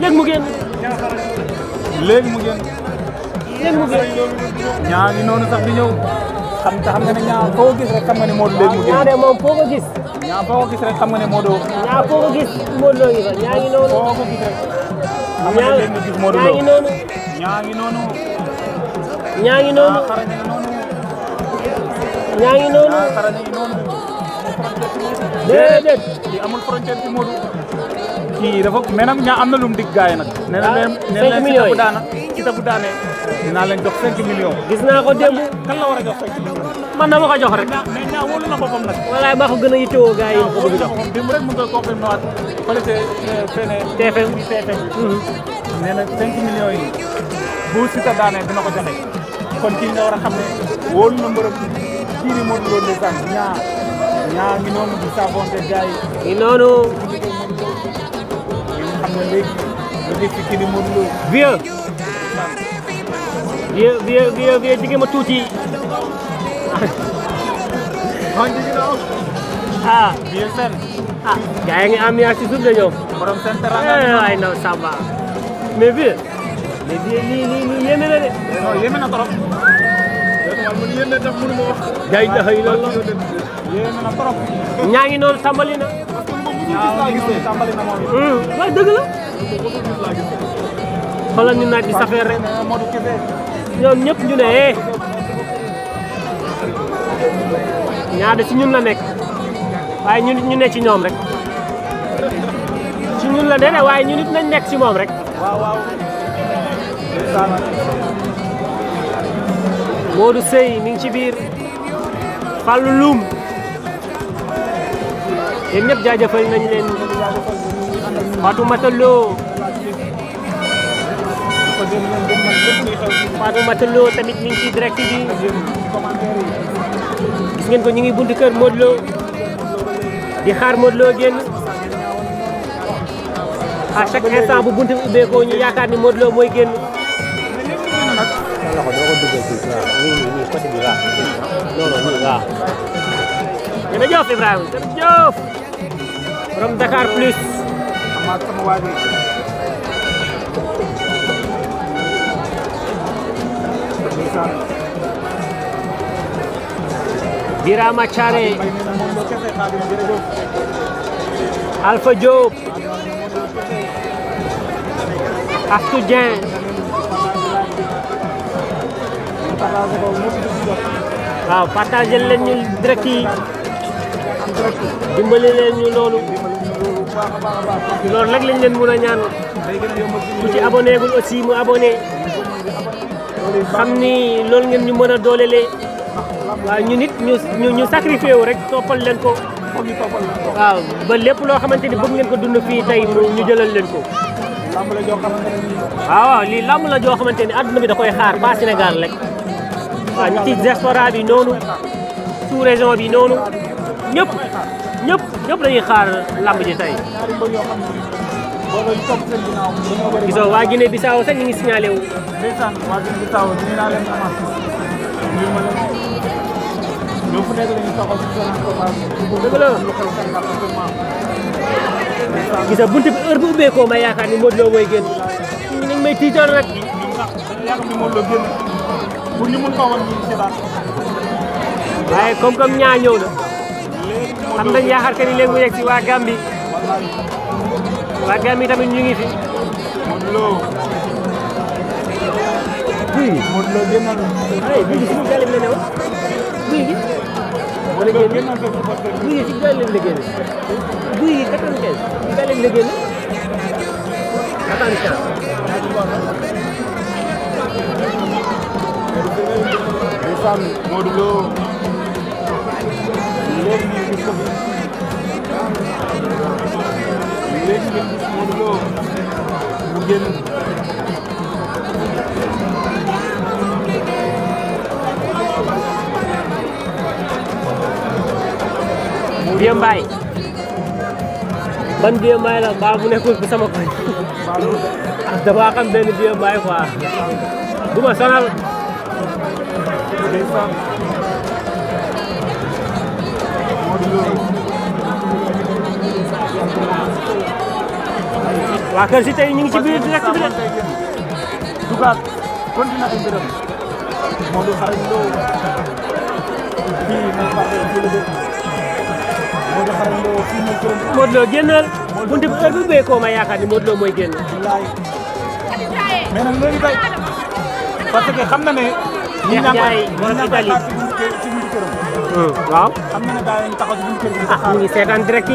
léegi mu génn. léegi mu génn. ñaa ngi noonu sax ñëw. xam nga xam nga ne ñaa foo ko gis rek xam nga ne Modou léegi mu génn. ñaa de moom gis. ñaa foo ko ñaa ngi noonu. ñaa ngi noonu. ñaa ngi noonu. ñaa ngi noonu. ñaa ngi amul frontière ci Modou. kii dafa mais nag ñaa am na lu mu dig gars nag. Ah, nee na leen nee na leen Siteu bu daana Siteu bu daane dinaa leen jox 5 millions. gis naa ko démb. kan a jox 5 millions. man na ma ko jox rek. mais ñaa wóolu na boppam nag. walaay maa ko gën a yittewoo gars yi ma ko bëgg jox. démb rek mu ngi koy confirmé waat fële ca euh, fenn. TFM TFM. Mhm. nee na yi bu Siteu daane dina ko joxe kon kii a xam ne wóolu na mbërëm kii ni moo di loolu de noonu di savonte gars yi. noonu. xam ne léegi lu ngi fi ni Modou Lo. vieux. vieux vieux vieux vieux jigéen ma tuuti. man jigéen la ah vieux sen. ah gars yi ngi ambiance ci suuf de ñoom. borom sen teranga. Eh, ay non ça va mais vieux. mais vieux lii lii lii yéeme na de. non yéeme na trop. yéeme na trop. yéeme na trop. ñaa ngi noonu tàmbali na. waa dëgg la. xoolal ñu naaj bi safee rek. ñoom ñëpp ñu ne eh. ñaar ci ñun la nekk. waaye ñu nit ñu ne ci ñoom rek. ci ñun la ne waaye ñu nit nañ nekk ci moom rek. Modou Seye mi ngi ci biir. Fallou Loum. yéen ñëpp jaajëfal nañ leen Fatoumata Lo Fatoumata Lo tamit mi ngi ci direct bi ko ñu ngi buntu kër Modou Lo di xaar Modou Lo bu buntu bi ñu yaakaar ni Modou Lo mooy génn. jërëjëf Ibrahima jërëjëf. borom Dakar plus. amaat sama waa bi. Birama Thiaré. Alpha Diop. Astou Dieng. waaw dimbali leen ñu loolu loolu rek lañ leen mën a ñaanal ku ci abonné gul aussi mu abonné xam ni loolu ngeen ñu mën a doolelee waaw ñu nit ñu ñu sacrifié wu rek toppal leen ko waaw ba lépp loo xamante ni bëgg ngeen ko dund fii tey ñu jëlal leen ko waaw lii làmb la joo xamante ni adduna bi da koy xaar ba Sénégal rek waaw ñu ci diaspora noonu sous région bi noonu ñëpp ñëpp ñëpp dañuy xaar làmb ji tey. gisoo waa Guinée Bissau sax ñu ngi signalé wu. gisoo buntu bi heure bu ubbeekoo ma yaakaar ni Modou Lo mooy génn. ñu ngi may tiitoon rek. waaye comme comme ñaa ñëw na. am nañ yaakaar que ni mu yegg si waa Gambie waa Gambie tamit ñu ngi fi. Modou léegi ngeen ban Vieux Mbaye la mbaa bu nekkul bi sama koñ damaa xam benn Vieux Mbaye quoi du ma sonal waa kër si tey ñu ngi ci biir direct bi de. dugaat continué ay mbiram. Modou Xarañ Lo fii mooy Pape Diop de. Modou Xarañ Lo fii mooy kër. Modou Lo génnal. buntu bi heure bi bee koo ma yaakaar ni Modou Lo mooy génn. wallaay mais nag léegi tey parce que xam na ne. ñi naan ko ñi naan ko waaw. xam nga ne gars yi ñu taxaw si kër ngi seetaan direct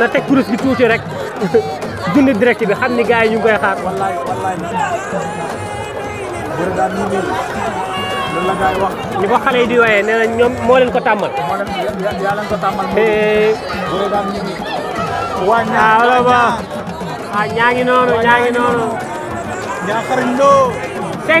na teg kurus bi tuuti rek. dund direct bi xam ni gars yi ñu ngi xaar. ni ko xale di wooyee nee na ko tàmmal. moo leen yaa leen ko tàmmal. bëri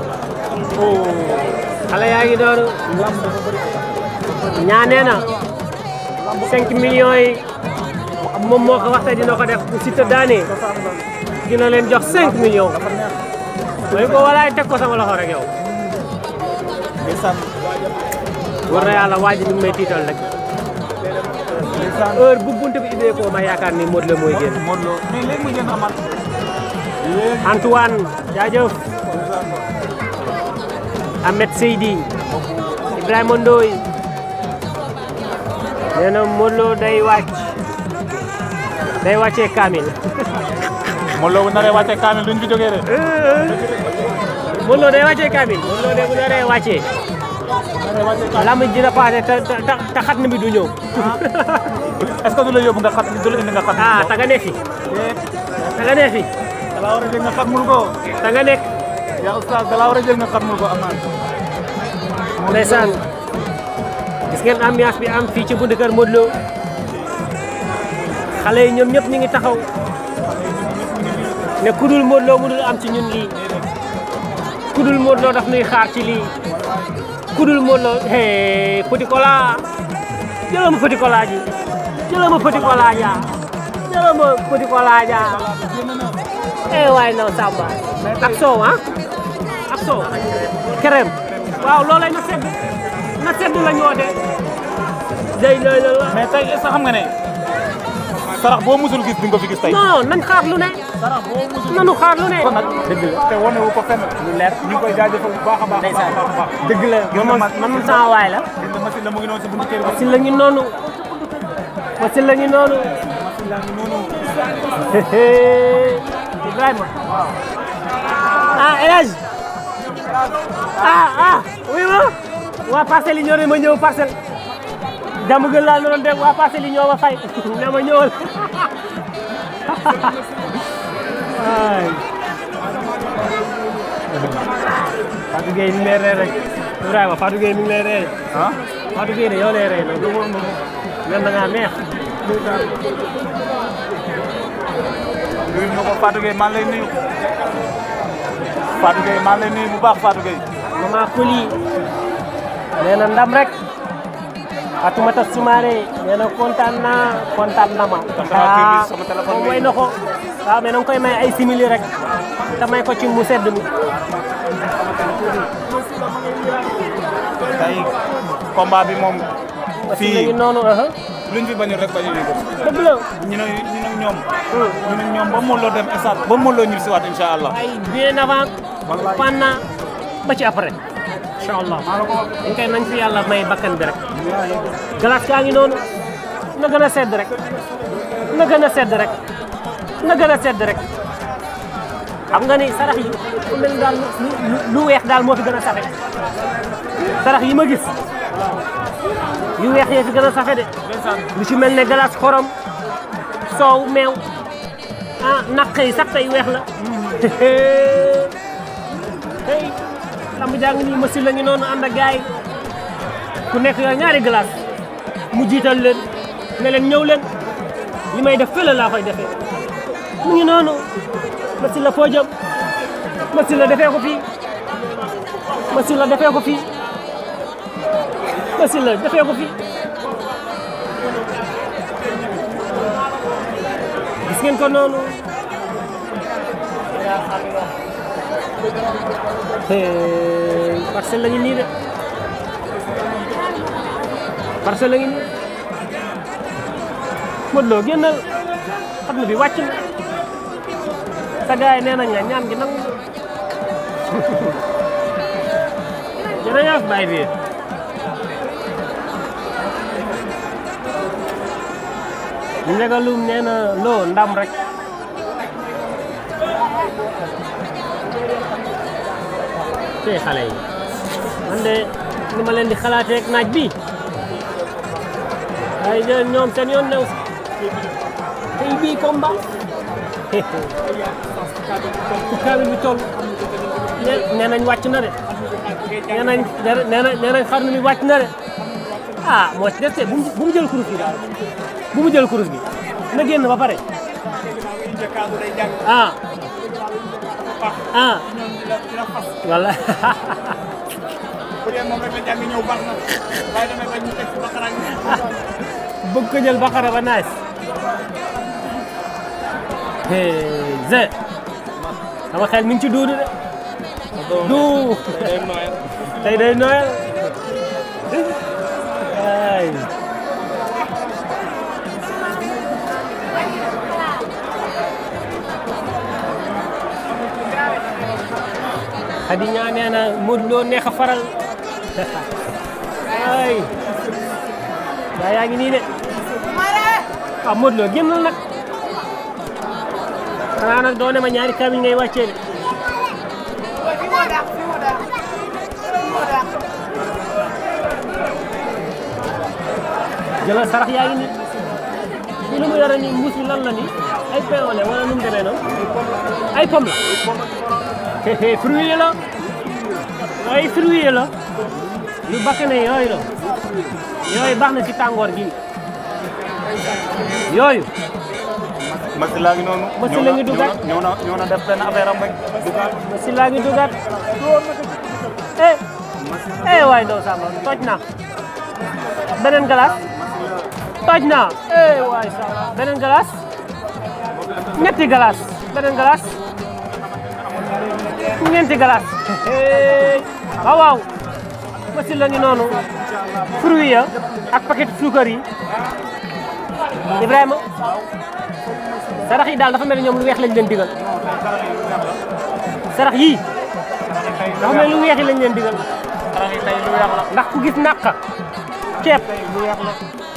xale yaa ngi door ñaanee na 5 millions yi moom moo ko wax def bu Siteu daanee leen jox 5 millions mooy ko walaay teg ko sama loxo rek yow. war na yàlla waaj li may tiital rek heure bu bi ubbee ko ma yaakaar ni Modou mooy génn. mu génn amaat. Antoine Ahmed Seydi Ibrahima Ndoye nee na Modou Lo day wàcc day wàccee kaamil. Modou Lo bu naree wàccee kaamil duñ fi jógee de. Modou day wàccee kaamil ji dina bi du ñëw. est-ce que du du la indi nga xat. ah ta nga ne fi. Eh. ta nga ne fi. da nga war a dégg nga nekk. yaa oustaz da laa war a jël nga xamul ko amaan. ndeysaan gis ngeen ambiance bi am fii ci bunt kër Modou Lo xale yi ñoom ñëpp ñu ngi taxaw ne ku dul Modou Lo mënul am ci ñun lii ku dul Modou Lo daf nuy xaar ci lii ku dul Modou Lo hey Petit Cola jëlal ma Petit Cola ji jëlal ma Petit Cola eh, waay naw Samba ak soow ah. morceau crème waaw loolay na sedd na sedd la ñu wootee. day day la mais tey xam nga ne. sarax boo musul gis di nga ko fi gis tey. non nañ xaar lu ne. sarax boo musul ne. kon nag la lu leer ñu ngi koy jaajëfal bu baax a baax. ndeysaan dëgg la la. gis nga Massi la mu ngi si la ngi noonu. Massi la ngi noonu. Massi la ah ah oui ma waa parcelle yi ñoo ma ñëw parcelle jàmm gën laa doon dem waa parcelle yi ñoo fay ne ma ñëwal ay Fatou Gueye mi ngi lay rey rek Ibrahima Fatou Gueye mi ngi lay rey ah Fatou Gueye de yow lay rey nag man da ngaa neex nuyu ma Fatou maa ngi lay nuyu bu baax Fatou Gueye. maman Coly nee ndam rek Fatoumata Soumaré nee kontaan naa kontaan na ma. ah moom mooy na ko. waaw ah, mais na nga koy may ay simili rek te ko ci mu sedd mi. tey combat bi moom. fii noonu uh-huh. luñ bañul rek bañul ñu ko. dëgg la ñu ne ñu ne ñoom. Hmm. allah. ay bien avant. pendant ba ci après incha allah nañ fi yàlla may bakkan bi rek glace ngi noonu na gën a sedd rek na gën a sedd rek na gën a sedd rek xam nga ni sarax yi weex daal moo fi gën a safe yi ma gis yu weex yee fi gën safe de lu ci mel ne glace xorom soow meew ah yi sax tey weex la lamb jàng nii machine la ngi noonu ànd ak gars yi ñaari glace mu jiital leen ne leen ñëw leen li may def fële laa koy defee mu ngi noonu machine la foo jëm machine defee ko fii defee ko fii ko noonu parcelle la ngi nii de parcelle la ngi nii Modou Lo génnal xam na bi wàcc na sa gars yi nee nañ la ñaan gi nangu jërëjëf nee na loo ndam rek te xale man nu ma di xalaatee ak naaj bi waaye de ñoom seen yoon new tey bi toll nee nañ wàcc na de nañ nee nañ xarnu bi wàcc na de ah moo ci bu mu jël kurus bi daal bu mu jël kurus bi na génn ba pare ah ah bu dee moom rek la jàng ñëw baax na waaye damay bañ ñu teg ci Bakara ak bëgg ko jël Bakara ba naaj. Zé sama ci duudu de. duud day noyal. tey day noyal. nee na Modou Lo neex a ay gaa yaa ngi nii de waaw Modou Lo génnal nag xanaa ma ñaari kaamil ngay wàccee de sarax yaa ngi nii fi lu mu yore nii mbuus bi lan la nii ay pain au lait wala nu mu ay pomme la fruits yu bakkane yooyu la yooyu baax na ci tàngoor gi yooyu. Massi laa ngi noonu. Massi la ngi dugaat ñëw na ñëw na def benn affaire am rek dugaat. Eh, eh, na beneen glace. toj na eh, beneen glace. ñetti glace. beneen glace. ñeenti glace. waaw waaw. aussi la ngi noonu fruit ya ak paquet suukar yi Ibrahima sarax yi daal dafa mel ni ñoom lu weex lañ leen digal sarax yii dafa mel lu weex lañ leen digal ndax ku gis naqa ceeb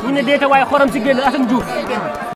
ñu ne deete waaye xorom si génn Assane Diouf